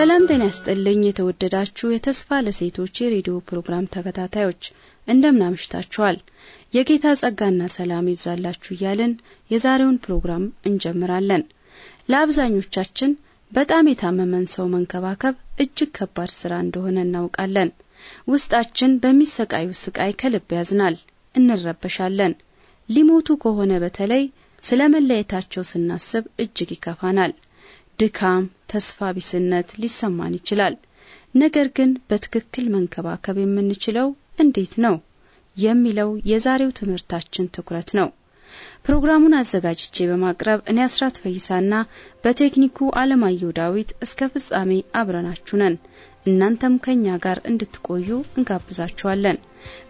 ሰላም ጤና ያስጥልኝ። የተወደዳችሁ የተስፋ ለሴቶች የሬዲዮ ፕሮግራም ተከታታዮች እንደምናምሽታችኋል የጌታ ጸጋና ሰላም ይብዛላችሁ እያልን የዛሬውን ፕሮግራም እንጀምራለን። ለአብዛኞቻችን በጣም የታመመን ሰው መንከባከብ እጅግ ከባድ ስራ እንደሆነ እናውቃለን። ውስጣችን በሚሰቃዩ ስቃይ ከልብ ያዝናል፣ እንረበሻለን። ሊሞቱ ከሆነ በተለይ ስለ መለየታቸው ስናስብ እጅግ ይከፋናል። ድካም፣ ተስፋ ቢስነት ሊሰማን ይችላል። ነገር ግን በትክክል መንከባከብ የምንችለው እንዴት ነው የሚለው የዛሬው ትምህርታችን ትኩረት ነው። ፕሮግራሙን አዘጋጅቼ በማቅረብ እኔ አስራት ፈይሳና በቴክኒኩ አለማየሁ ዳዊት እስከ ፍጻሜ አብረናችሁ ነን። እናንተም ከእኛ ጋር እንድትቆዩ እንጋብዛችኋለን።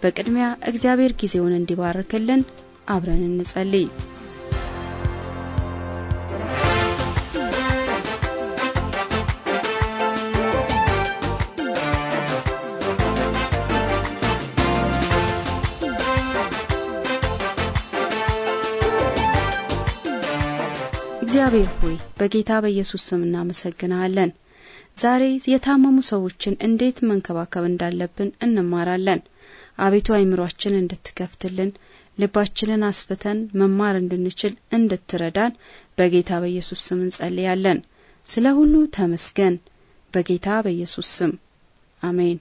በቅድሚያ እግዚአብሔር ጊዜውን እንዲባርክልን አብረን እንጸልይ። እግዚአብሔር ሆይ በጌታ በኢየሱስ ስም እናመሰግናለን። ዛሬ የታመሙ ሰዎችን እንዴት መንከባከብ እንዳለብን እንማራለን። አቤቱ አይምሯችን እንድትከፍትልን ልባችንን አስፍተን መማር እንድንችል እንድትረዳን በጌታ በኢየሱስ ስም እንጸልያለን። ስለ ሁሉ ተመስገን። በጌታ በኢየሱስ ስም አሜን።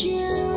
就。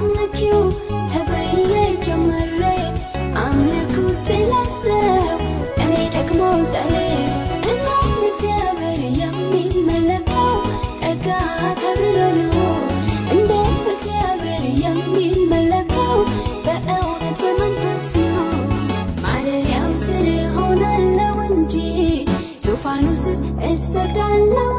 አምልኪው ተብዬ ጀመረ አምልኩት እላለሁ ጠጋ ተብሎ ነው ስር እሆናለሁ እሰግዳለሁ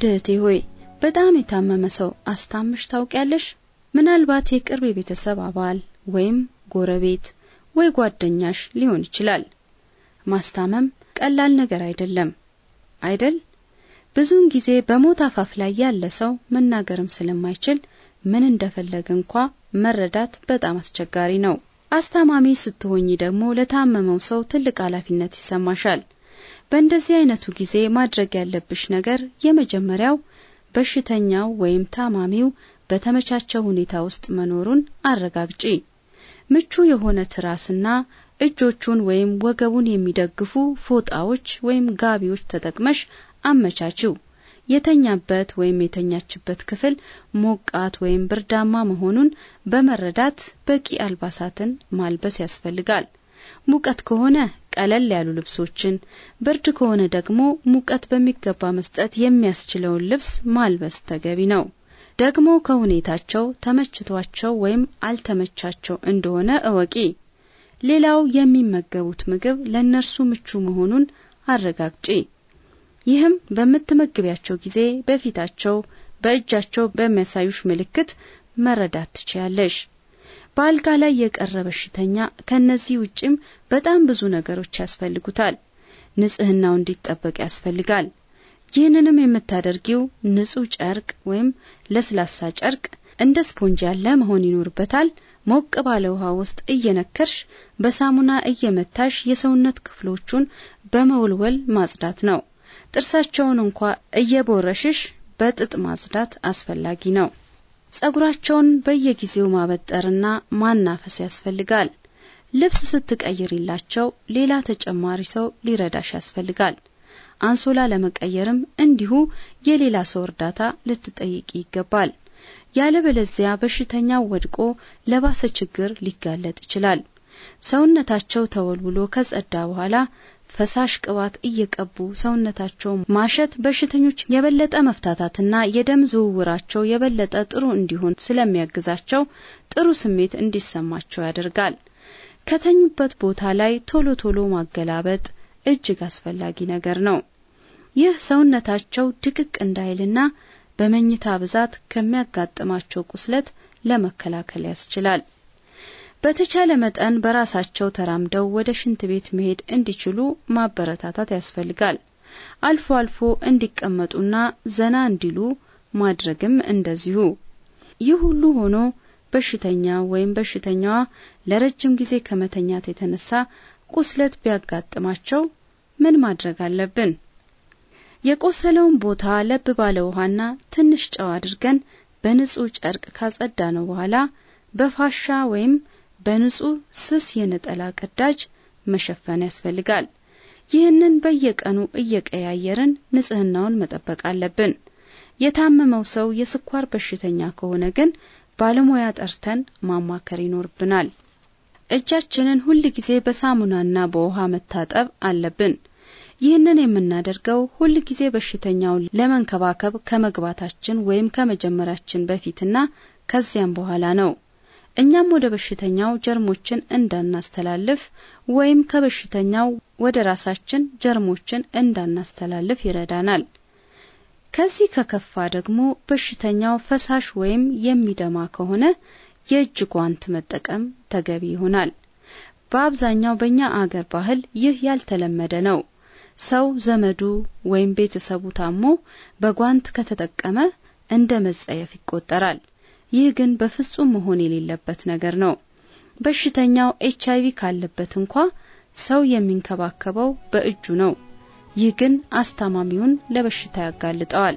ውድ እህቴ ሆይ በጣም የታመመ ሰው አስታምሽ ታውቂያለሽ? ምናልባት የቅርብ የቤተሰብ አባል ወይም ጎረቤት ወይ ጓደኛሽ ሊሆን ይችላል። ማስታመም ቀላል ነገር አይደለም አይደል? ብዙውን ጊዜ በሞት አፋፍ ላይ ያለ ሰው መናገርም ስለማይችል ምን እንደፈለገ እንኳ መረዳት በጣም አስቸጋሪ ነው። አስታማሚ ስትሆኚ ደግሞ ለታመመው ሰው ትልቅ ኃላፊነት ይሰማሻል። በእንደዚህ አይነቱ ጊዜ ማድረግ ያለብሽ ነገር የመጀመሪያው በሽተኛው ወይም ታማሚው በተመቻቸው ሁኔታ ውስጥ መኖሩን አረጋግጪ። ምቹ የሆነ ትራስና እጆቹን ወይም ወገቡን የሚደግፉ ፎጣዎች ወይም ጋቢዎች ተጠቅመሽ አመቻችው። የተኛበት ወይም የተኛችበት ክፍል ሞቃት ወይም ብርዳማ መሆኑን በመረዳት በቂ አልባሳትን ማልበስ ያስፈልጋል። ሙቀት ከሆነ ቀለል ያሉ ልብሶችን፣ ብርድ ከሆነ ደግሞ ሙቀት በሚገባ መስጠት የሚያስችለውን ልብስ ማልበስ ተገቢ ነው። ደግሞ ከሁኔታቸው ተመችቷቸው ወይም አልተመቻቸው እንደሆነ እወቂ። ሌላው የሚመገቡት ምግብ ለእነርሱ ምቹ መሆኑን አረጋግጪ። ይህም በምትመግቢያቸው ጊዜ በፊታቸው፣ በእጃቸው በሚያሳዩሽ ምልክት መረዳት ትችያለሽ። በአልጋ ላይ የቀረ በሽተኛ ከእነዚህ ውጭም በጣም ብዙ ነገሮች ያስፈልጉታል። ንጽህናው እንዲጠበቅ ያስፈልጋል። ይህንንም የምታደርጊው ንጹህ ጨርቅ ወይም ለስላሳ ጨርቅ እንደ ስፖንጅ ያለ መሆን ይኖርበታል። ሞቅ ባለ ውሃ ውስጥ እየነከርሽ በሳሙና እየመታሽ የሰውነት ክፍሎቹን በመወልወል ማጽዳት ነው። ጥርሳቸውን እንኳ እየቦረሽሽ በጥጥ ማጽዳት አስፈላጊ ነው። ጸጉራቸውን በየጊዜው ማበጠርና ማናፈስ ያስፈልጋል። ልብስ ስትቀይሪላቸው ሌላ ተጨማሪ ሰው ሊረዳሽ ያስፈልጋል። አንሶላ ለመቀየርም እንዲሁ የሌላ ሰው እርዳታ ልትጠይቂ ይገባል። ያለበለዚያ በሽተኛው ወድቆ ለባሰ ችግር ሊጋለጥ ይችላል። ሰውነታቸው ተወልውሎ ከጸዳ በኋላ ፈሳሽ ቅባት እየቀቡ ሰውነታቸው ማሸት በሽተኞች የበለጠ መፍታታትና የደም ዝውውራቸው የበለጠ ጥሩ እንዲሆን ስለሚያግዛቸው ጥሩ ስሜት እንዲሰማቸው ያደርጋል። ከተኙበት ቦታ ላይ ቶሎ ቶሎ ማገላበጥ እጅግ አስፈላጊ ነገር ነው። ይህ ሰውነታቸው ድቅቅ እንዳይልና በመኝታ ብዛት ከሚያጋጥማቸው ቁስለት ለመከላከል ያስችላል። በተቻለ መጠን በራሳቸው ተራምደው ወደ ሽንት ቤት መሄድ እንዲችሉ ማበረታታት ያስፈልጋል። አልፎ አልፎ እንዲቀመጡና ዘና እንዲሉ ማድረግም እንደዚሁ። ይህ ሁሉ ሆኖ በሽተኛ ወይም በሽተኛዋ ለረጅም ጊዜ ከመተኛት የተነሳ ቁስለት ቢያጋጥማቸው ምን ማድረግ አለብን? የቆሰለውን ቦታ ለብ ባለ ውሃና ትንሽ ጨው አድርገን በንጹህ ጨርቅ ካጸዳ ነው በኋላ በፋሻ ወይም በንጹህ ስስ የነጠላ ቅዳጅ መሸፈን ያስፈልጋል። ይህንን በየቀኑ እየቀያየርን ንጽህናውን መጠበቅ አለብን። የታመመው ሰው የስኳር በሽተኛ ከሆነ ግን ባለሙያ ጠርተን ማማከር ይኖርብናል። እጃችንን ሁል ጊዜ በሳሙናና በውሃ መታጠብ አለብን። ይህንን የምናደርገው ሁል ጊዜ በሽተኛውን ለመንከባከብ ከመግባታችን ወይም ከመጀመራችን በፊትና ከዚያም በኋላ ነው። እኛም ወደ በሽተኛው ጀርሞችን እንዳናስተላልፍ ወይም ከበሽተኛው ወደ ራሳችን ጀርሞችን እንዳናስተላልፍ ይረዳናል። ከዚህ ከከፋ ደግሞ በሽተኛው ፈሳሽ ወይም የሚደማ ከሆነ የእጅ ጓንት መጠቀም ተገቢ ይሆናል። በአብዛኛው በእኛ አገር ባህል ይህ ያልተለመደ ነው። ሰው ዘመዱ ወይም ቤተሰቡ ታሞ በጓንት ከተጠቀመ እንደ መጸየፍ ይቆጠራል። ይህ ግን በፍጹም መሆን የሌለበት ነገር ነው። በሽተኛው ኤች አይቪ ካለበት እንኳ ሰው የሚንከባከበው በእጁ ነው። ይህ ግን አስታማሚውን ለበሽታ ያጋልጠዋል።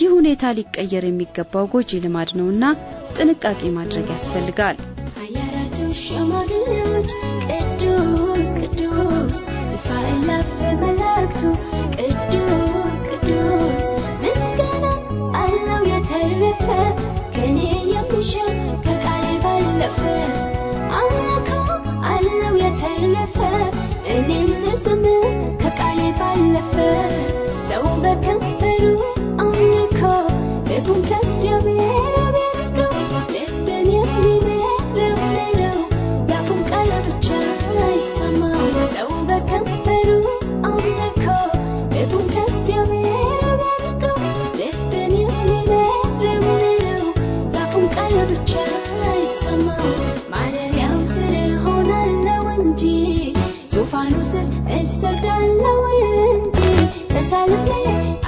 ይህ ሁኔታ ሊቀየር የሚገባው ጎጂ ልማድ ነውና ጥንቃቄ ማድረግ ያስፈልጋል። ቅዱስ ቅዱስ ቅዱስ ቅዱስ ምስጋና አለው የተረፈ እኔ የምሻው ከቃሌ ባለፈ አምላከው አለው የተረፈ እኔም ልዘምር ከቃሌ ባለፈ ሰው በከንፈሩ አምልከው ልቡን ከእግዚአብሔር ያደርገው ልብን የሚመረምረው የአፉን ቃል ብቻ አይሰማው ሰው በከንፈ ስል እሰግዳለሁ እንጂ ተሳልፌ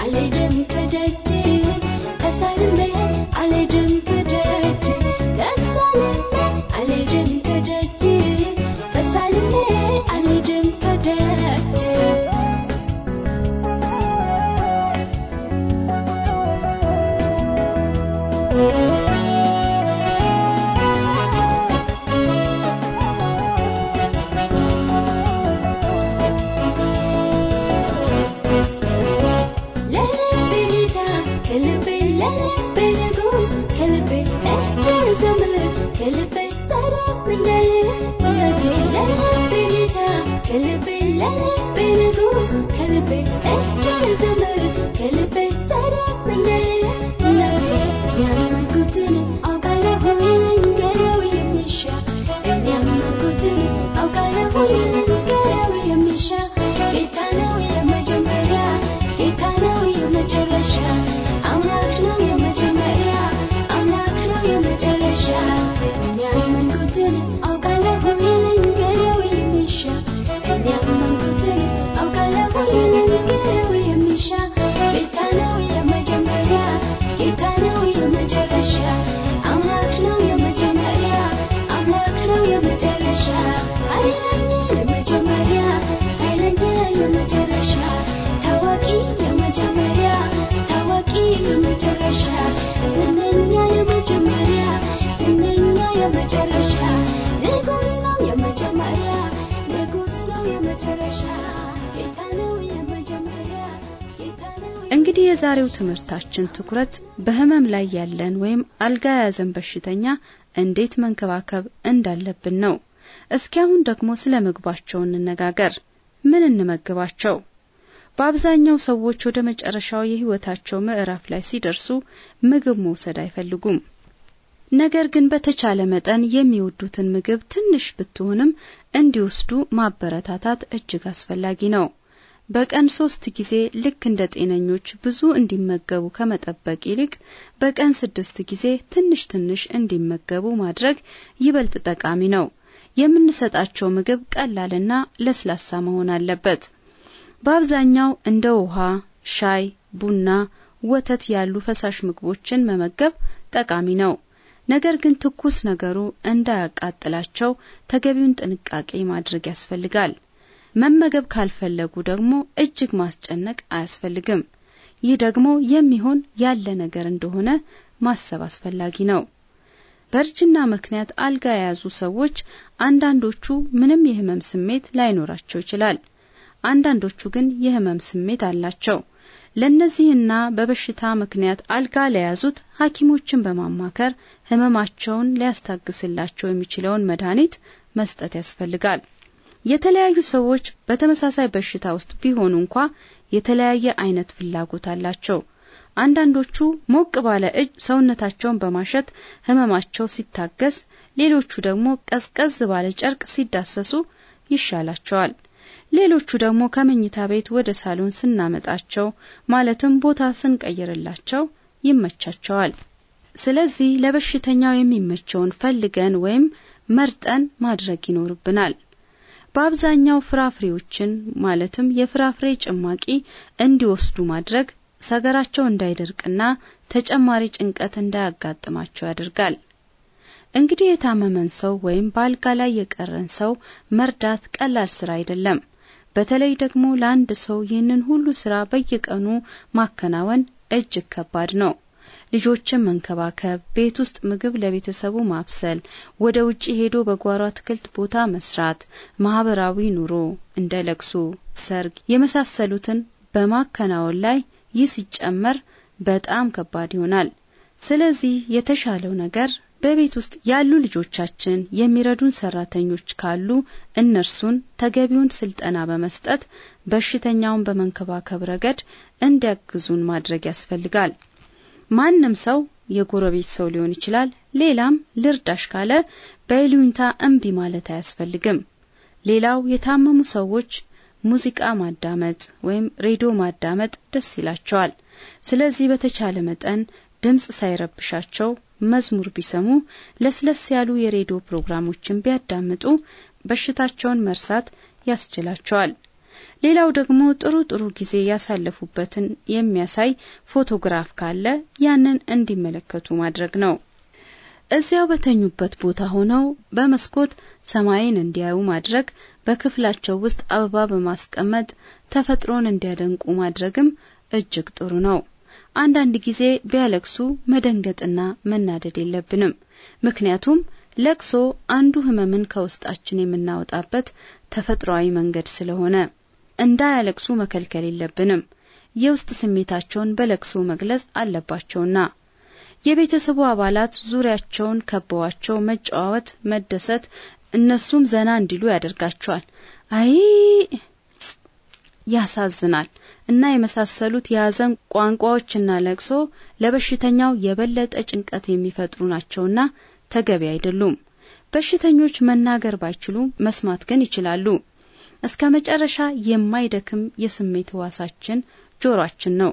አልሄድም የዛሬው ትምህርታችን ትኩረት በህመም ላይ ያለን ወይም አልጋ የያዘን በሽተኛ እንዴት መንከባከብ እንዳለብን ነው። እስኪ አሁን ደግሞ ስለ ምግባቸው እንነጋገር። ምን እንመግባቸው? በአብዛኛው ሰዎች ወደ መጨረሻው የህይወታቸው ምዕራፍ ላይ ሲደርሱ ምግብ መውሰድ አይፈልጉም። ነገር ግን በተቻለ መጠን የሚወዱትን ምግብ ትንሽ ብትሆንም እንዲወስዱ ማበረታታት እጅግ አስፈላጊ ነው። በቀን ሶስት ጊዜ ልክ እንደ ጤነኞች ብዙ እንዲመገቡ ከመጠበቅ ይልቅ በቀን ስድስት ጊዜ ትንሽ ትንሽ እንዲመገቡ ማድረግ ይበልጥ ጠቃሚ ነው። የምንሰጣቸው ምግብ ቀላልና ለስላሳ መሆን አለበት። በአብዛኛው እንደ ውሃ፣ ሻይ፣ ቡና፣ ወተት ያሉ ፈሳሽ ምግቦችን መመገብ ጠቃሚ ነው። ነገር ግን ትኩስ ነገሩ እንዳያቃጥላቸው ተገቢውን ጥንቃቄ ማድረግ ያስፈልጋል። መመገብ ካልፈለጉ ደግሞ እጅግ ማስጨነቅ አያስፈልግም። ይህ ደግሞ የሚሆን ያለ ነገር እንደሆነ ማሰብ አስፈላጊ ነው። በእርጅና ምክንያት አልጋ የያዙ ሰዎች አንዳንዶቹ ምንም የህመም ስሜት ላይኖራቸው ይችላል። አንዳንዶቹ ግን የህመም ስሜት አላቸው። ለእነዚህና በበሽታ ምክንያት አልጋ ለያዙት ሐኪሞችን በማማከር ህመማቸውን ሊያስታግስላቸው የሚችለውን መድኃኒት መስጠት ያስፈልጋል። የተለያዩ ሰዎች በተመሳሳይ በሽታ ውስጥ ቢሆኑ እንኳ የተለያየ አይነት ፍላጎት አላቸው። አንዳንዶቹ ሞቅ ባለ እጅ ሰውነታቸውን በማሸት ህመማቸው ሲታገስ፣ ሌሎቹ ደግሞ ቀዝቀዝ ባለ ጨርቅ ሲዳሰሱ ይሻላቸዋል። ሌሎቹ ደግሞ ከመኝታ ቤት ወደ ሳሎን ስናመጣቸው ማለትም ቦታ ስንቀይርላቸው ይመቻቸዋል። ስለዚህ ለበሽተኛው የሚመቸውን ፈልገን ወይም መርጠን ማድረግ ይኖርብናል። በአብዛኛው ፍራፍሬዎችን ማለትም የፍራፍሬ ጭማቂ እንዲወስዱ ማድረግ ሰገራቸው እንዳይደርቅና ተጨማሪ ጭንቀት እንዳያጋጥማቸው ያደርጋል። እንግዲህ የታመመን ሰው ወይም በአልጋ ላይ የቀረን ሰው መርዳት ቀላል ስራ አይደለም። በተለይ ደግሞ ለአንድ ሰው ይህንን ሁሉ ስራ በየቀኑ ማከናወን እጅግ ከባድ ነው። ልጆችን መንከባከብ፣ ቤት ውስጥ ምግብ ለቤተሰቡ ማብሰል፣ ወደ ውጭ ሄዶ በጓሮ አትክልት ቦታ መስራት፣ ማህበራዊ ኑሮ እንደ ለቅሶ፣ ሰርግ የመሳሰሉትን በማከናወን ላይ ይህ ሲጨመር በጣም ከባድ ይሆናል። ስለዚህ የተሻለው ነገር በቤት ውስጥ ያሉ ልጆቻችን የሚረዱን ሰራተኞች ካሉ እነርሱን ተገቢውን ስልጠና በመስጠት በሽተኛውን በመንከባከብ ረገድ እንዲያግዙን ማድረግ ያስፈልጋል። ማንም ሰው የጎረቤት ሰው ሊሆን ይችላል፣ ሌላም ልርዳሽ ካለ በይሉኝታ እምቢ ማለት አያስፈልግም። ሌላው የታመሙ ሰዎች ሙዚቃ ማዳመጥ ወይም ሬዲዮ ማዳመጥ ደስ ይላቸዋል። ስለዚህ በተቻለ መጠን ድምፅ ሳይረብሻቸው መዝሙር ቢሰሙ፣ ለስለስ ያሉ የሬዲዮ ፕሮግራሞችን ቢያዳምጡ በሽታቸውን መርሳት ያስችላቸዋል። ሌላው ደግሞ ጥሩ ጥሩ ጊዜ ያሳለፉበትን የሚያሳይ ፎቶግራፍ ካለ ያንን እንዲመለከቱ ማድረግ ነው። እዚያው በተኙበት ቦታ ሆነው በመስኮት ሰማይን እንዲያዩ ማድረግ፣ በክፍላቸው ውስጥ አበባ በማስቀመጥ ተፈጥሮን እንዲያደንቁ ማድረግም እጅግ ጥሩ ነው። አንዳንድ ጊዜ ቢያለቅሱ መደንገጥና መናደድ የለብንም። ምክንያቱም ለቅሶ አንዱ ሕመምን ከውስጣችን የምናወጣበት ተፈጥሯዊ መንገድ ስለሆነ እንዳያለቅሱ መከልከል የለብንም። የውስጥ ስሜታቸውን በለቅሶ መግለጽ አለባቸውና የቤተሰቡ አባላት ዙሪያቸውን ከበዋቸው መጨዋወት፣ መደሰት እነሱም ዘና እንዲሉ ያደርጋቸዋል። አይ ያሳዝናል እና የመሳሰሉት የሀዘን ቋንቋዎችና ለቅሶ ለበሽተኛው የበለጠ ጭንቀት የሚፈጥሩ ናቸውና ተገቢ አይደሉም። በሽተኞች መናገር ባይችሉ መስማት ግን ይችላሉ። እስከ መጨረሻ የማይደክም የስሜት ህዋሳችን ጆሮአችን ነው።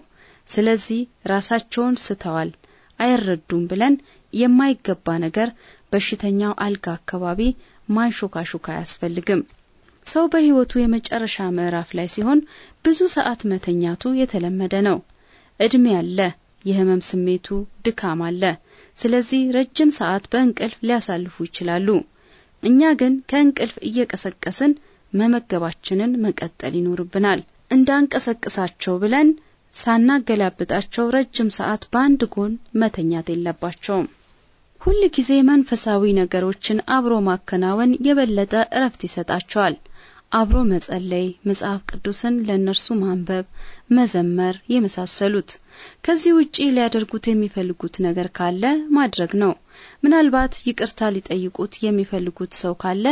ስለዚህ ራሳቸውን ስተዋል፣ አይረዱም ብለን የማይገባ ነገር በሽተኛው አልጋ አካባቢ ማንሾካሾክ አያስፈልግም። ሰው በህይወቱ የመጨረሻ ምዕራፍ ላይ ሲሆን ብዙ ሰዓት መተኛቱ የተለመደ ነው። እድሜ አለ፣ የህመም ስሜቱ ድካም አለ። ስለዚህ ረጅም ሰዓት በእንቅልፍ ሊያሳልፉ ይችላሉ። እኛ ግን ከእንቅልፍ እየቀሰቀስን መመገባችንን መቀጠል ይኖርብናል። እንዳንቀሰቅሳቸው ብለን ሳናገላብጣቸው ረጅም ሰዓት በአንድ ጎን መተኛት የለባቸውም። ሁል ጊዜ መንፈሳዊ ነገሮችን አብሮ ማከናወን የበለጠ እረፍት ይሰጣቸዋል። አብሮ መጸለይ፣ መጽሐፍ ቅዱስን ለእነርሱ ማንበብ፣ መዘመር የመሳሰሉት። ከዚህ ውጪ ሊያደርጉት የሚፈልጉት ነገር ካለ ማድረግ ነው። ምናልባት ይቅርታ ሊጠይቁት የሚፈልጉት ሰው ካለ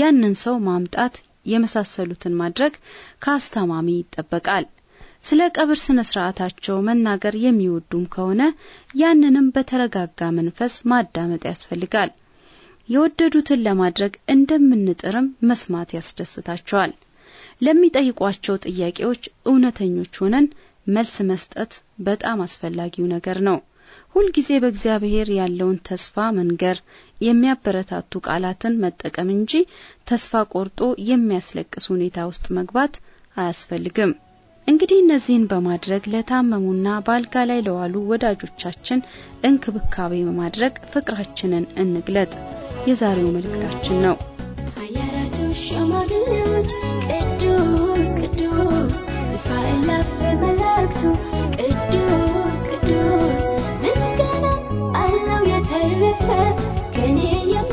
ያንን ሰው ማምጣት የመሳሰሉትን ማድረግ ከአስታማሚ ይጠበቃል። ስለ ቀብር ስነ ስርዓታቸው መናገር የሚወዱም ከሆነ ያንንም በተረጋጋ መንፈስ ማዳመጥ ያስፈልጋል። የወደዱትን ለማድረግ እንደምንጥርም መስማት ያስደስታቸዋል። ለሚጠይቋቸው ጥያቄዎች እውነተኞች ሆነን መልስ መስጠት በጣም አስፈላጊው ነገር ነው። ሁልጊዜ በእግዚአብሔር ያለውን ተስፋ መንገር፣ የሚያበረታቱ ቃላትን መጠቀም እንጂ ተስፋ ቆርጦ የሚያስለቅስ ሁኔታ ውስጥ መግባት አያስፈልግም። እንግዲህ እነዚህን በማድረግ ለታመሙና በአልጋ ላይ ለዋሉ ወዳጆቻችን እንክብካቤ በማድረግ ፍቅራችንን እንግለጥ የዛሬው መልእክታችን ነው። ቅዱስ ቅዱስ በመላእክቱ ቅዱስ ቅዱስ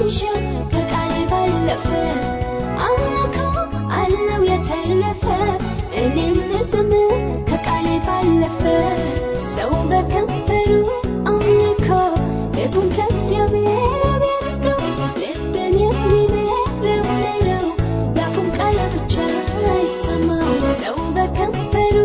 አንቺ ከቃሌ ባለፈ አምላከው አለው የተረፈ እኔም ልዘምር ከቃሌ ባለፈ ሰው በከንፈሩ አምልኮ ልቡን ከእግዚአብሔር ያደርገው ልብን የሚመረምረው የአፉን ቃል ብቻ አይሰማው ሰው በከንፈሩ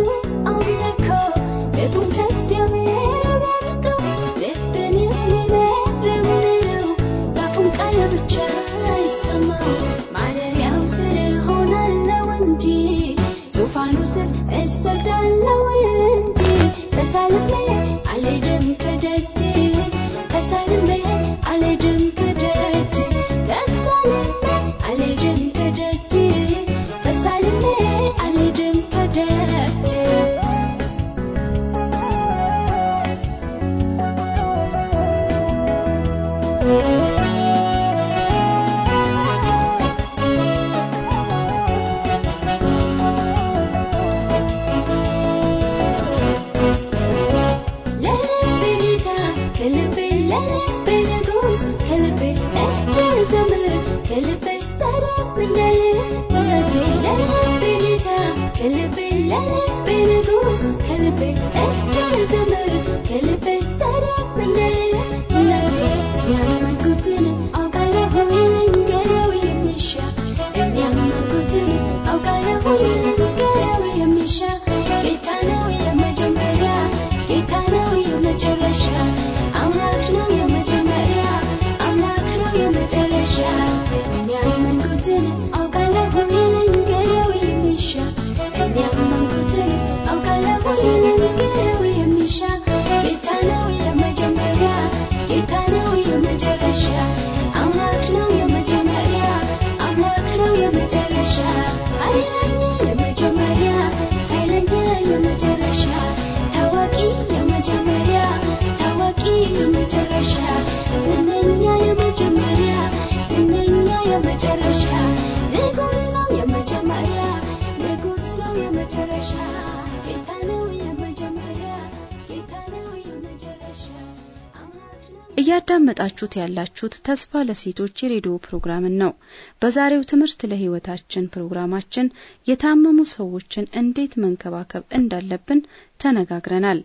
መድረሻ አምላክ ነው የመጀመሪያ አምላክ ነው የመጨረሻ ኃይለኛ የመጀመሪያ ኃይለኛ የመጨረሻ ታዋቂ የመጀመሪያ ታዋቂ የመጨረሻ ዝነኛ የመጀመሪያ ዝነኛ የመጨረሻ እያዳመጣችሁት ያላችሁት ተስፋ ለሴቶች የሬዲዮ ፕሮግራምን ነው። በዛሬው ትምህርት ለሕይወታችን ፕሮግራማችን የታመሙ ሰዎችን እንዴት መንከባከብ እንዳለብን ተነጋግረናል።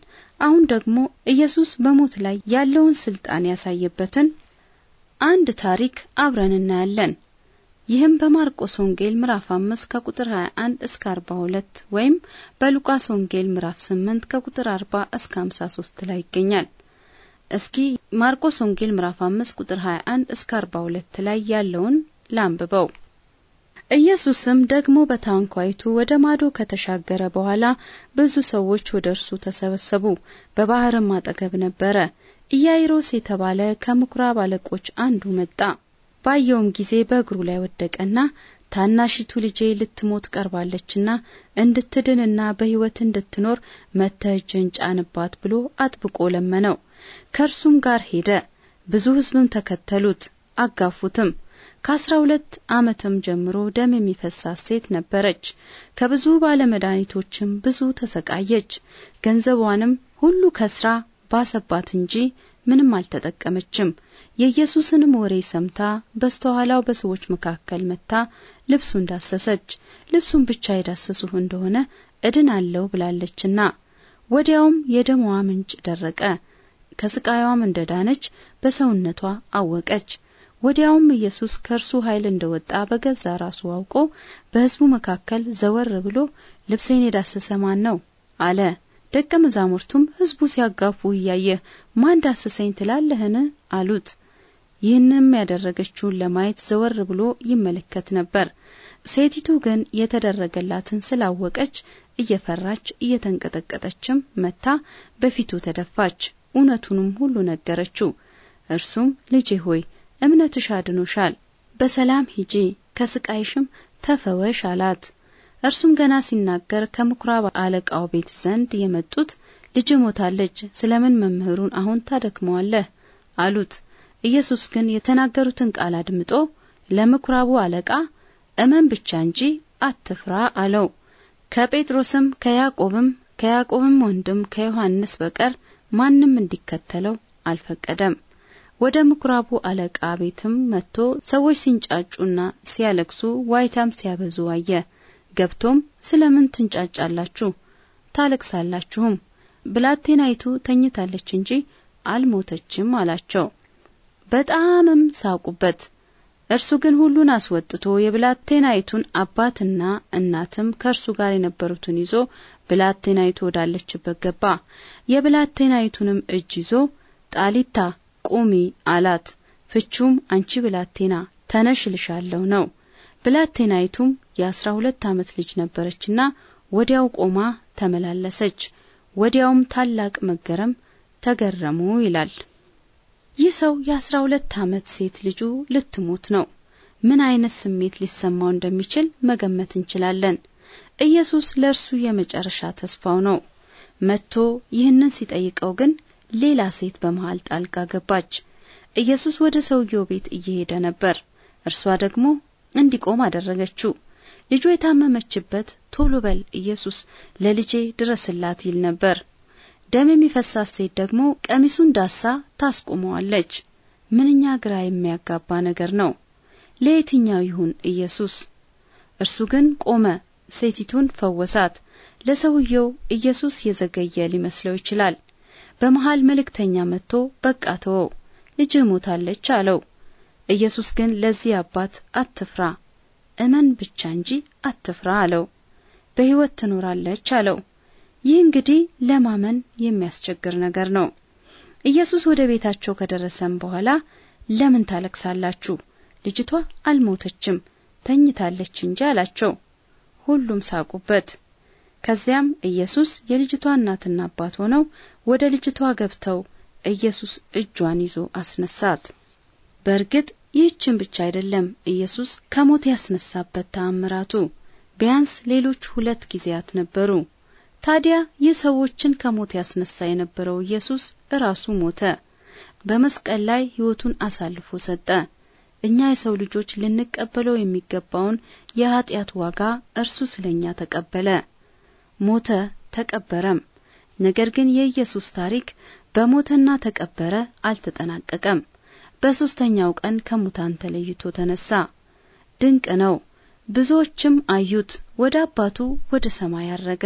አሁን ደግሞ ኢየሱስ በሞት ላይ ያለውን ስልጣን ያሳየበትን አንድ ታሪክ አብረን እናያለን። ይህም በማርቆስ ወንጌል ምዕራፍ 5 ከቁጥር 21 እስከ 42 ወይም በሉቃስ ወንጌል ምዕራፍ 8 ከቁጥር 40 እስከ 53 ላይ ይገኛል። እስኪ ማርቆስ ወንጌል ምዕራፍ 5 ቁጥር 21 እስከ 42 ላይ ያለውን ላንብበው። ኢየሱስም ደግሞ በታንኳይቱ ወደ ማዶ ከተሻገረ በኋላ ብዙ ሰዎች ወደ እርሱ ተሰበሰቡ። በባህርም አጠገብ ነበረ። ኢያይሮስ የተባለ ከምኩራብ አለቆች አንዱ መጣ። ባየውም ጊዜ በእግሩ ላይ ወደቀና ታናሽቱ ልጄ ልትሞት ቀርባለችና እንድትድንና በሕይወት እንድትኖር መጥተህ እጅህን ጫንባት ብሎ አጥብቆ ለመነው። ከእርሱም ጋር ሄደ። ብዙ ሕዝብም ተከተሉት፣ አጋፉትም። ከአስራ ሁለት ዓመትም ጀምሮ ደም የሚፈሳት ሴት ነበረች። ከብዙ ባለመድኃኒቶችም ብዙ ተሰቃየች። ገንዘቧንም ሁሉ ከስራ ባሰባት እንጂ ምንም አልተጠቀመችም። የኢየሱስንም ወሬ ሰምታ በስተኋላው በሰዎች መካከል መታ ልብሱን ዳሰሰች። ልብሱን ብቻ የዳሰሱህ እንደሆነ እድን አለው ብላለችና፣ ወዲያውም የደሟ ምንጭ ደረቀ። ከስቃይዋም እንደ ዳነች በሰውነቷ አወቀች። ወዲያውም ኢየሱስ ከእርሱ ኃይል እንደወጣ በገዛ ራሱ አውቆ በሕዝቡ መካከል ዘወር ብሎ ልብሴን የዳሰሰ ማን ነው? አለ። ደቀ መዛሙርቱም ሕዝቡ ሲያጋፉ እያየህ ማን ዳሰሰኝ ትላለህን? አሉት። ይህንም ያደረገችውን ለማየት ዘወር ብሎ ይመለከት ነበር። ሴቲቱ ግን የተደረገላትን ስላወቀች እየፈራች እየተንቀጠቀጠችም መታ በፊቱ ተደፋች። እውነቱንም ሁሉ ነገረችው። እርሱም ልጄ ሆይ እምነትሽ አድኖሻል፣ በሰላም ሂጂ፣ ከስቃይሽም ተፈወሽ አላት። እርሱም ገና ሲናገር ከምኩራብ አለቃው ቤት ዘንድ የመጡት ልጅ ሞታለች፣ ስለምን መምህሩን አሁን ታደክመዋለህ አሉት። ኢየሱስ ግን የተናገሩትን ቃል አድምጦ ለምኩራቡ አለቃ እመን ብቻ እንጂ አትፍራ አለው። ከጴጥሮስም ከያዕቆብም ከያዕቆብም ወንድም ከዮሐንስ በቀር ማንም እንዲከተለው አልፈቀደም። ወደ ምኩራቡ አለቃ ቤትም መጥቶ ሰዎች ሲንጫጩና ሲያለቅሱ ዋይታም ሲያበዙ አየ። ገብቶም ስለምን ትንጫጫላችሁ ታለቅሳላችሁም? ብላቴናይቱ ተኝታለች እንጂ አልሞተችም አላቸው። በጣምም ሳቁበት። እርሱ ግን ሁሉን አስወጥቶ የብላቴናይቱን አባትና እናትም ከእርሱ ጋር የነበሩትን ይዞ ብላቴናይቱ ወዳለችበት ገባ። የብላቴናይቱንም እጅ ይዞ ጣሊታ ቁሚ አላት። ፍቹም አንቺ ብላቴና ተነሽ ልሻለሁ ነው። ብላቴናይቱም የአስራ ሁለት ዓመት ልጅ ነበረችና ወዲያው ቆማ ተመላለሰች። ወዲያውም ታላቅ መገረም ተገረሙ ይላል። ይህ ሰው የአስራ ሁለት ዓመት ሴት ልጁ ልትሞት ነው። ምን አይነት ስሜት ሊሰማው እንደሚችል መገመት እንችላለን። ኢየሱስ ለእርሱ የመጨረሻ ተስፋው ነው። መጥቶ ይህንን ሲጠይቀው ግን ሌላ ሴት በመሃል ጣልቃ ገባች። ኢየሱስ ወደ ሰውየው ቤት እየሄደ ነበር። እርሷ ደግሞ እንዲቆም አደረገችው። ልጁ የታመመችበት ቶሎ በል ኢየሱስ ለልጄ ድረስላት ይል ነበር። ደም የሚፈሳት ሴት ደግሞ ቀሚሱን ዳሳ ታስቁመዋለች። ምንኛ ግራ የሚያጋባ ነገር ነው! ለየትኛው ይሁን ኢየሱስ? እርሱ ግን ቆመ፣ ሴቲቱን ፈወሳት። ለሰውየው ኢየሱስ የዘገየ ሊመስለው ይችላል። በመሃል መልእክተኛ መጥቶ በቃ ተወው፣ ልጅህ ሞታለች አለው። ኢየሱስ ግን ለዚህ አባት አትፍራ፣ እመን ብቻ እንጂ አትፍራ አለው። በሕይወት ትኖራለች አለው። ይህ እንግዲህ ለማመን የሚያስቸግር ነገር ነው። ኢየሱስ ወደ ቤታቸው ከደረሰም በኋላ ለምን ታለቅሳላችሁ? ልጅቷ አልሞተችም ተኝታለች እንጂ አላቸው። ሁሉም ሳቁበት። ከዚያም ኢየሱስ የልጅቷ እናትና አባት ሆነው ወደ ልጅቷ ገብተው ኢየሱስ እጇን ይዞ አስነሳት። በእርግጥ ይህችን ብቻ አይደለም ኢየሱስ ከሞት ያስነሳበት ተአምራቱ ቢያንስ ሌሎች ሁለት ጊዜያት ነበሩ። ታዲያ የሰዎችን ከሞት ያስነሳ የነበረው ኢየሱስ እራሱ ሞተ፣ በመስቀል ላይ ሕይወቱን አሳልፎ ሰጠ። እኛ የሰው ልጆች ልንቀበለው የሚገባውን የኃጢአት ዋጋ እርሱ ስለኛ ተቀበለ። ሞተ፣ ተቀበረም። ነገር ግን የኢየሱስ ታሪክ በሞተና ተቀበረ አልተጠናቀቀም። በሦስተኛው ቀን ከሙታን ተለይቶ ተነሳ። ድንቅ ነው። ብዙዎችም አዩት፣ ወደ አባቱ ወደ ሰማይ አረገ።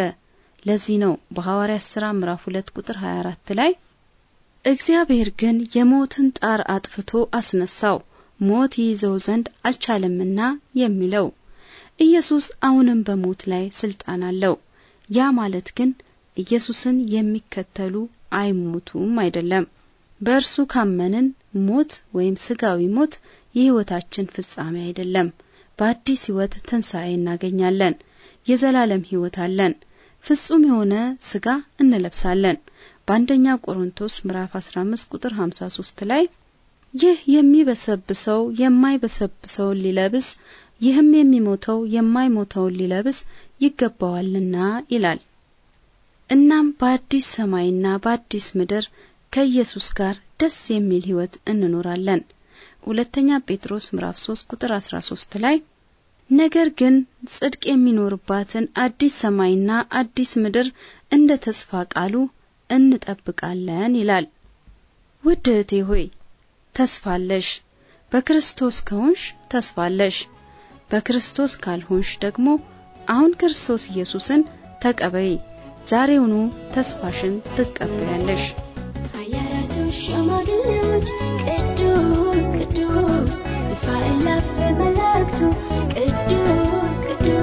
ለዚህ ነው በሐዋርያት ሥራ ምዕራፍ 2 ቁጥር 24 ላይ እግዚአብሔር ግን የሞትን ጣር አጥፍቶ አስነሳው፣ ሞት ይይዘው ዘንድ አልቻለምና የሚለው ኢየሱስ አሁንም በሞት ላይ ስልጣን አለው። ያ ማለት ግን ኢየሱስን የሚከተሉ አይሞቱም አይደለም። በእርሱ ካመንን ሞት ወይም ስጋዊ ሞት የሕይወታችን ፍጻሜ አይደለም። በአዲስ ሕይወት ትንሣኤ እናገኛለን። የዘላለም ሕይወት አለን። ፍጹም የሆነ ስጋ እንለብሳለን። በአንደኛ ቆሮንቶስ ምዕራፍ 15 ቁጥር 53 ላይ ይህ የሚበሰብሰው የማይበሰብሰውን ሊለብስ ይህም የሚሞተው የማይሞተውን ሊለብስ ይገባዋልና ይላል። እናም በአዲስ ሰማይና በአዲስ ምድር ከኢየሱስ ጋር ደስ የሚል ሕይወት እንኖራለን። ሁለተኛ ጴጥሮስ ምዕራፍ 3 ቁጥር 13 ላይ ነገር ግን ጽድቅ የሚኖርባትን አዲስ ሰማይና አዲስ ምድር እንደ ተስፋ ቃሉ እንጠብቃለን ይላል። ውድ እህቴ ሆይ ተስፋለሽ። በክርስቶስ ከሆንሽ ተስፋለሽ። በክርስቶስ ካልሆንሽ ደግሞ አሁን ክርስቶስ ኢየሱስን ተቀበይ። ዛሬውኑ ተስፋሽን ትቀበያለሽ። ቅዱስ ቅዱስ ይፋ ኢላፍ በመላእክቱ ቅዱስ ቅዱስ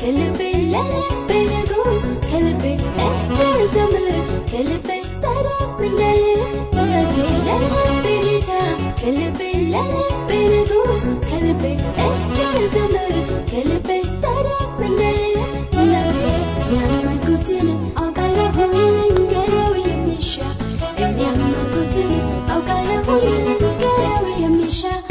كلبي للا بينقوش كلبي استزمر كلبي سرب من دلي جملتي للا بينتا كلبي للا بينقوش كلبي استزمر كلبي سرب من دلي جملتي يا ما كنتني أو قلبه ينقرا ويمشى يا ما كنتني أو قلبه ينقرا ويمشى